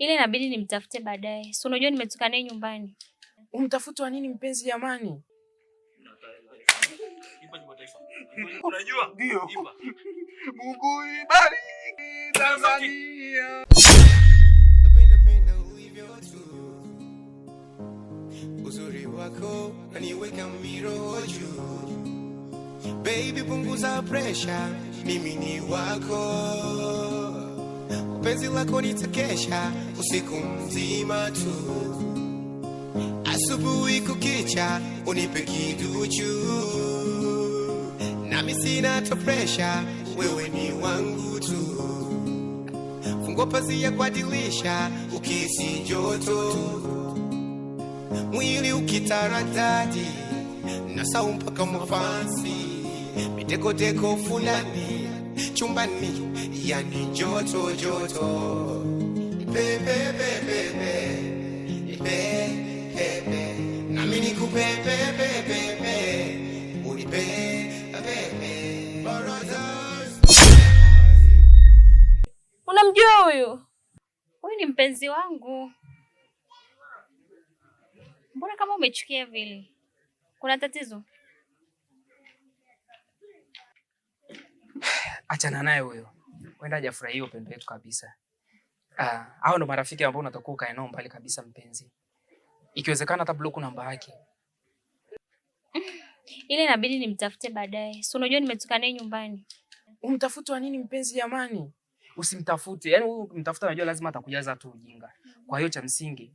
ile inabidi nimtafute baadaye. Si unajua nimetoka naye nyumbani. Umtafute wa nini mpenzi jamani? Unajua? Ndio. Mungu ibariki Tanzania. Uzuri wako aniweka miro juu. Baby punguza pressure, mimi ni wako penzi lako nitakesha usiku mzima tu, asubuhi kukicha unipe kiduchu, nami sina to presha, wewe ni wangu tu. Fungua pazia kwa dirisha, ukisi joto mwili ukitaradadi na sau mpaka mafansi mitekoteko fulani chumbani yani joto joto pe pe pe pe pe pe pe pe pe pe pe pe na pepepepepepepepe pe pe unipepepe unamjua huyu huyu ni mpenzi wangu mbona kama umechukia vile kuna tatizo achana naye huyo huenda hajafurahia upendo wetu kabisa. Uh, au ndo marafiki ambao unatakiwa ukae nao mbali kabisa mpenzi. Ikiwezekana hata bloku namba yake. Ile inabidi nimtafute baadaye. Si unajua nimetoka naye nyumbani. Umtafute wa nini mpenzi jamani? Usimtafute. Yaani wewe ukimtafuta unajua lazima atakujaza tu ujinga. Kwa hiyo cha msingi,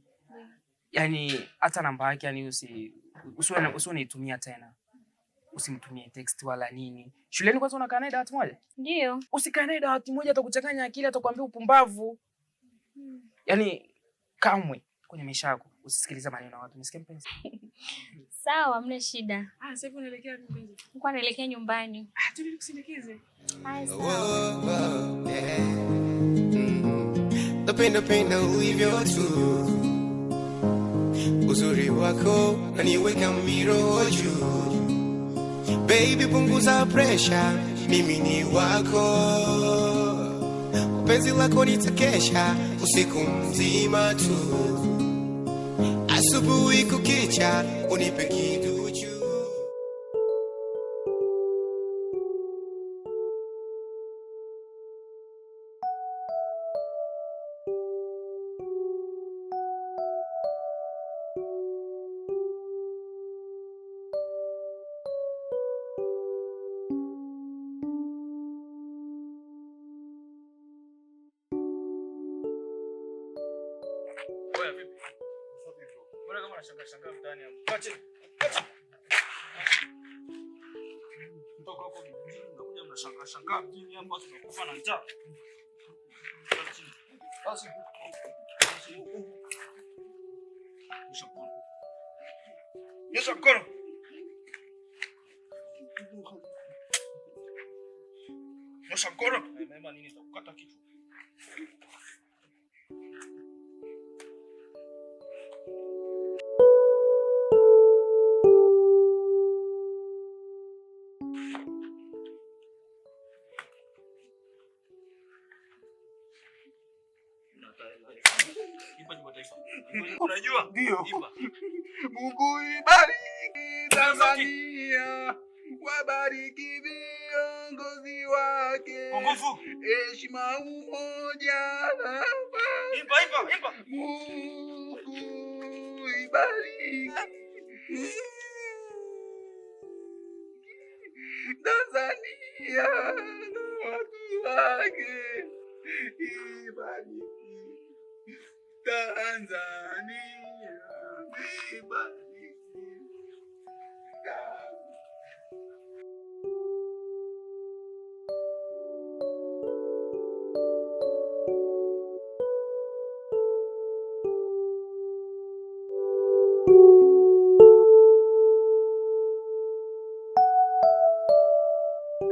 yaani hata namba yake yani usi usiwe unaitumia tena usimtumie text wala nini. Shuleni kwanza unakaa naye dawati moja? Ndio. Usikae naye dawati moja, atakuchanganya akili, atakwambia upumbavu. Yaani kamwe kwenye maisha yako usisikilize maneno ya watu. Nisikie mpenzi. Sawa, mna shida. Ah, sasa hivi unaelekea mpenzi. Nilikuwa naelekea nyumbani. Ah, tuli nikusindikize. Haya, sawa. Oh, oh, mm. Napenda penda ulivyo tu, uzuri wako naniweka miro juu baby, punguza presha, mimi ni wako, upenzi lako nitakesha usiku mzima tu, asubuhi kukicha unipe kiduchu Mbona kama unashangaa shangaa mtaani hapo? Kaa chini. Mtoka hapo kijijini mnakuja mnashangaa shangaa mjini hapo watu wanakufa na njaa. Kaa chini. Basi. Nyosha mkono. Nyosha mkono. Nyosha mkono. Mema nini itakukata kichwa. Ndio. Mungu ibariki Tanzania. Wabariki viongozi wake. Heshima, umoja na amani. Imba, imba, imba. Mungu ibariki Tanzania na watu wake. Ibariki Tanzania.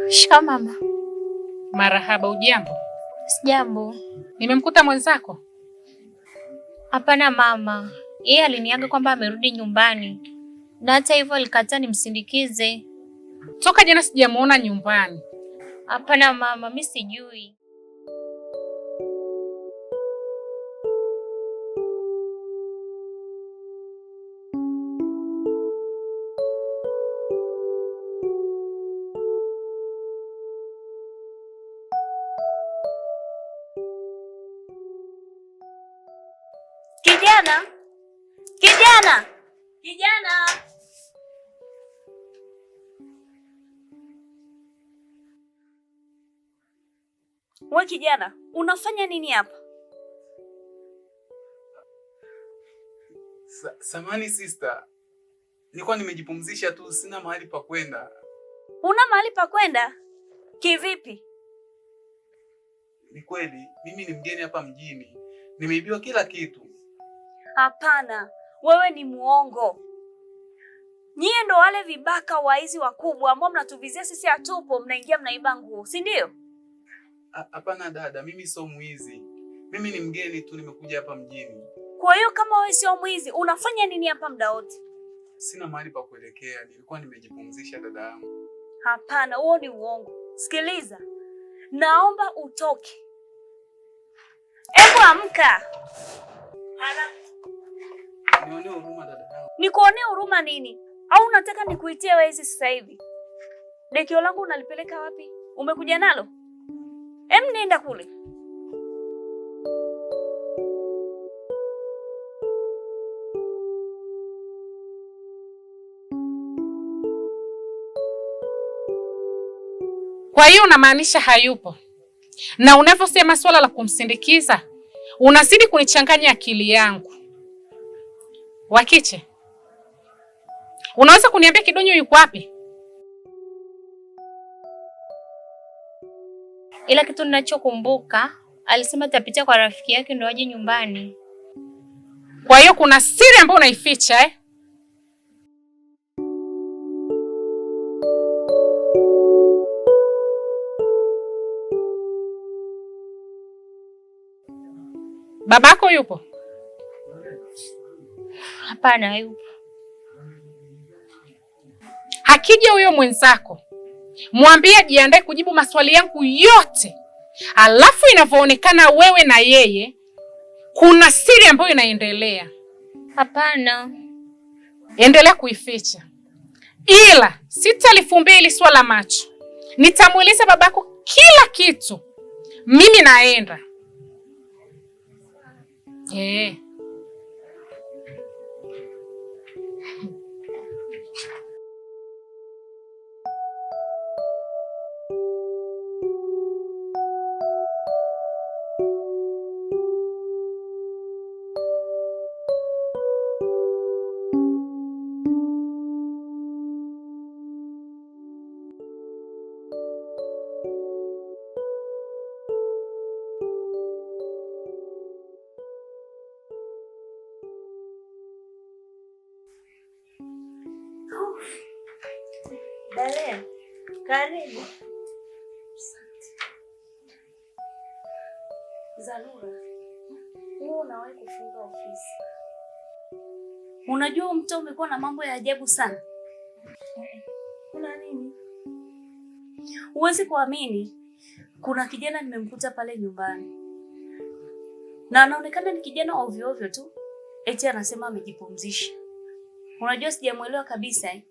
Shika mama. Marahaba. Ujambo? Sijambo. Nimemkuta mwenzako? Hapana mama, yeye aliniaga kwamba amerudi nyumbani, na hata hivyo alikataa nimsindikize. Toka jana sijamuona nyumbani. Hapana mama, mi sijui. wewe kijana, unafanya nini hapa? Sa samani sister, nilikuwa nimejipumzisha tu, sina mahali pa kwenda. Una mahali pa kwenda kivipi? Ni kweli mimi ni mgeni hapa mjini, nimeibiwa kila kitu. Hapana, wewe ni muongo. Nyie ndo wale vibaka waizi wakubwa ambao mnatuvizia sisi hatupo, mnaingia mnaiba nguo, si ndio? Hapana dada, mimi sio mwizi, mimi ni mgeni tu, nimekuja hapa mjini. Kwa hiyo kama wewe sio mwizi, unafanya nini hapa muda wote? Sina mahali pa kuelekea, nilikuwa nimejipumzisha dada yangu. Hapana, huo ni uongo. Sikiliza, naomba utoke. Hebu amka. nione huruma dada yangu. Nikuonee huruma nini? Au unataka nikuitie wezi sasa hivi? Dekio langu unalipeleka wapi? Umekuja nalo? Hem nenda kule Kwa hiyo unamaanisha hayupo? Na unavyosema swala la kumsindikiza, unazidi kunichanganya akili yangu. Wakiche, unaweza kuniambia Kidonyo yuko wapi? ila kitu ninachokumbuka alisema tapitia kwa rafiki yake ndo aje nyumbani. Kwa hiyo kuna siri ambayo unaificha eh? Babako yupo? Hapana, yupo. Hakija huyo mwenzako mwambie ajiandae kujibu maswali yangu yote, alafu inavyoonekana wewe na yeye kuna siri ambayo inaendelea. Hapana, endelea kuificha, ila sitalifumbia hili swala macho. Nitamweleza babako kila kitu. Mimi naenda eh. Karibu Zanura, wewe unawahi kufunga ofisi? Unajua mtaa umekuwa na mambo ya ajabu sana. Kuna nini? Huwezi kuamini, kuna kijana nimemkuta pale nyumbani na anaonekana ni kijana ovyo ovyo tu, eti anasema amejipumzisha. Unajua sijamwelewa kabisa eh?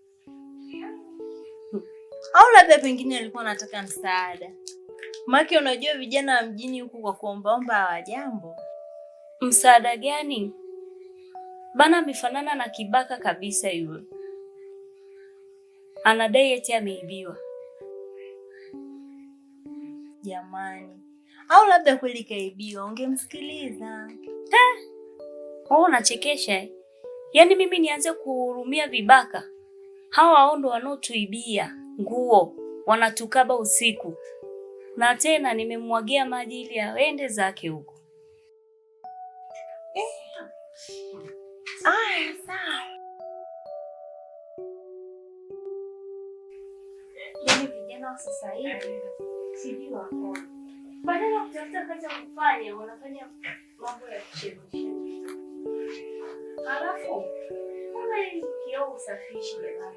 au labda pengine alikuwa anataka msaada, make unajua vijana wa mjini huku kwa kuombaomba hawajambo. Msaada gani bana? Amefanana na kibaka kabisa yule, anadai eti ameibiwa. Jamani, au labda kweli kaibiwa, ungemsikiliza. Wewe oh, unachekesha. Yaani mimi nianze kuhurumia vibaka hawa, hao ndo wanaotuibia nguo, wanatukaba usiku, na tena nimemwagia maji ili aende zake huko. Eh. Aya, sawa. Yaani sasa hivi wako badala ya kutafuta kazi kufanya wanafanya mambo ya kioo usafishe jamani.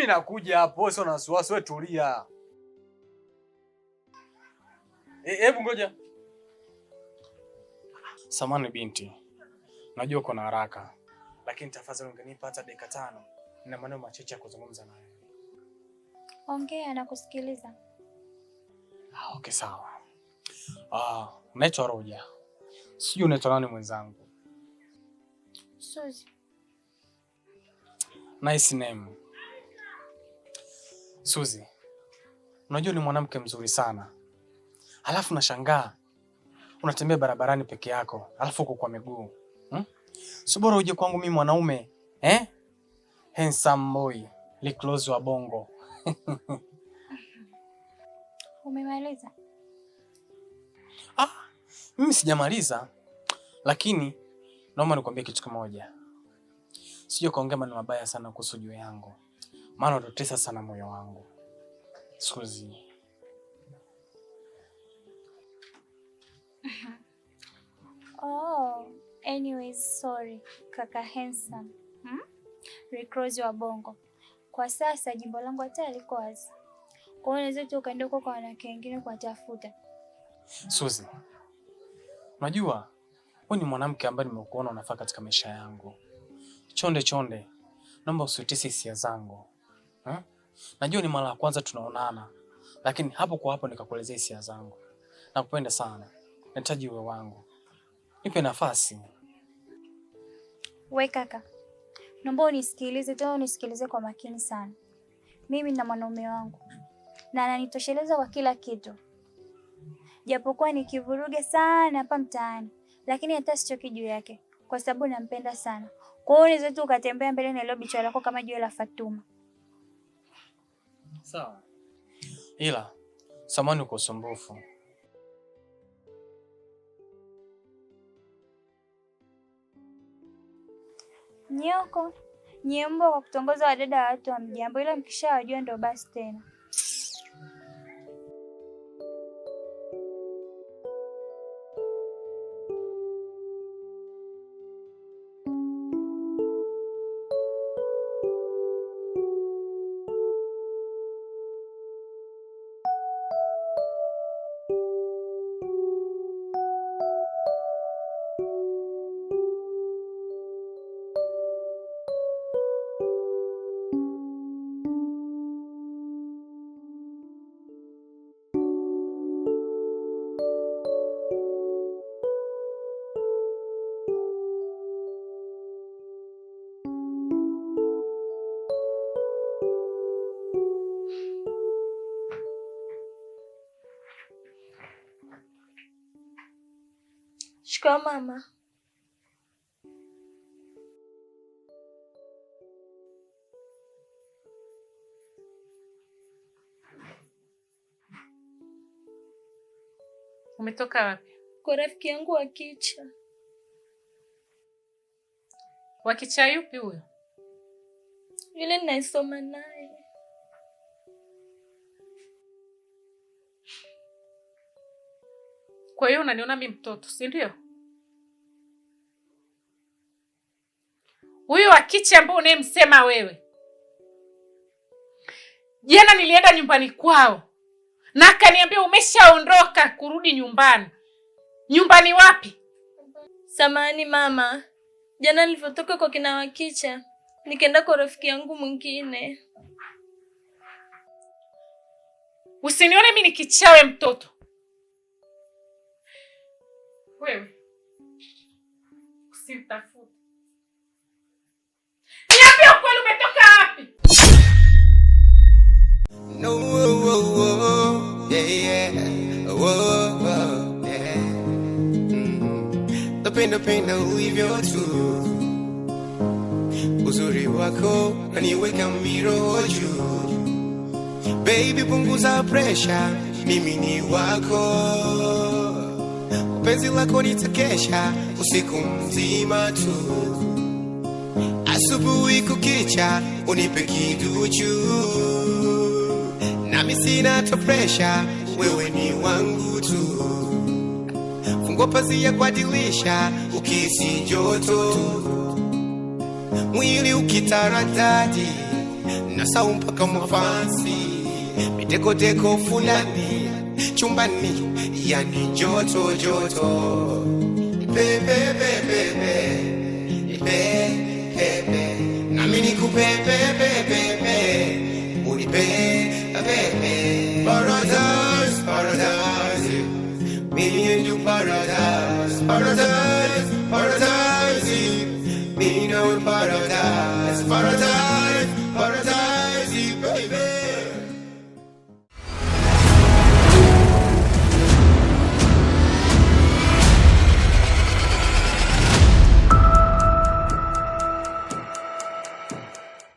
Mimi nakuja hapo, sio na wasiwasi, wewe tulia. Eh, hebu e, ngoja. Samani binti, najua uko na haraka, lakini tafadhali ungenipa hata dakika tano, nina maneno machache ya kuzungumza naye. Ongea na kusikiliza. Ah, okay sawa. Ah, naitwa Roja. Sijui unaitwa nani mwenzangu? Suzi. Nice name. Suzi, unajua ni mwanamke mzuri sana, alafu nashangaa unatembea barabarani peke yako, alafu uko kwa miguu hmm? Si uje kwangu mimi mwanaume eh? Handsome boy liklozi wa bongo umemaliza? Ah, mimi sijamaliza, lakini naomba nikwambie kitu kimoja, sija kaongea maneno mabaya sana kuhusu juu yangu maana utatesa sana moyo wangu Suzi. Oh, anyways, sorry kaka Hanson hmm? Recrozi wa Bongo kwa sasa jimbo langu hata aliko wazi, kwa hiyo unaweza tu ukaenda huko kwa wanawake wengine kuwatafuta. Suzi, unajua wewe ni mwanamke ambaye nimekuona unafaa katika maisha yangu. Chonde chonde, naomba usitese hisia zangu hmm? Najua ni mara ya kwanza tunaonana, lakini hapo kwa hapo nikakuelezea hisia zangu. Nakupenda sana, nahitaji uwe wangu, nipe nafasi. We kaka, naomba unisikilize tena, unisikilize kwa makini sana. Mimi na mwanaume wangu na ananitosheleza kwa kila kitu, japokuwa nikivuruga sana hapa mtaani, lakini hata sichoki juu yake kwa sababu nampenda sana. Kwa hiyo unaweza tu ukatembea mbele na ilo bichwa lako kama jua la Fatuma. Sawa, ila samani kwa usumbufu. Nyoko nyembo kwa kutongoza wadada wa watu wa mjambo, ila mkishawajua ndo basi tena. mama. Umetoka wapi? Kwa rafiki yangu Wakicha. Wakicha yupi huyo? Yule ninaisoma naye. Kwa hiyo unaniona mimi mtoto, si ndio? Kichi ambao unayemsema wewe. Jana nilienda nyumbani kwao na akaniambia umeshaondoka kurudi nyumbani. Nyumbani wapi? samani mama, jana nilivyotoka kwa kina Wakicha nikaenda kwa rafiki yangu mwingine. Usinione mimi ni kichawe mtoto. Wewe. yeah, yeah. Whoa, whoa yeah. Mm. The the pain, pain, the weave your tu, uzuri wako and you wake up, miroho you. Baby, punguza presha, mimi ni wako, penzi lako ni nitakesha usiku mzima tu, asubuhi kukicha unipe kiduchu mimi sina to pressure wewe ni wangu tu. Fungua pazia kwa dirisha, ukisi joto, mwili ukitaradadi na sau mpaka mafansi, mitekoteko fulani chumbani, yani joto joto, pepepepepe, pepepe, nami nikupepepe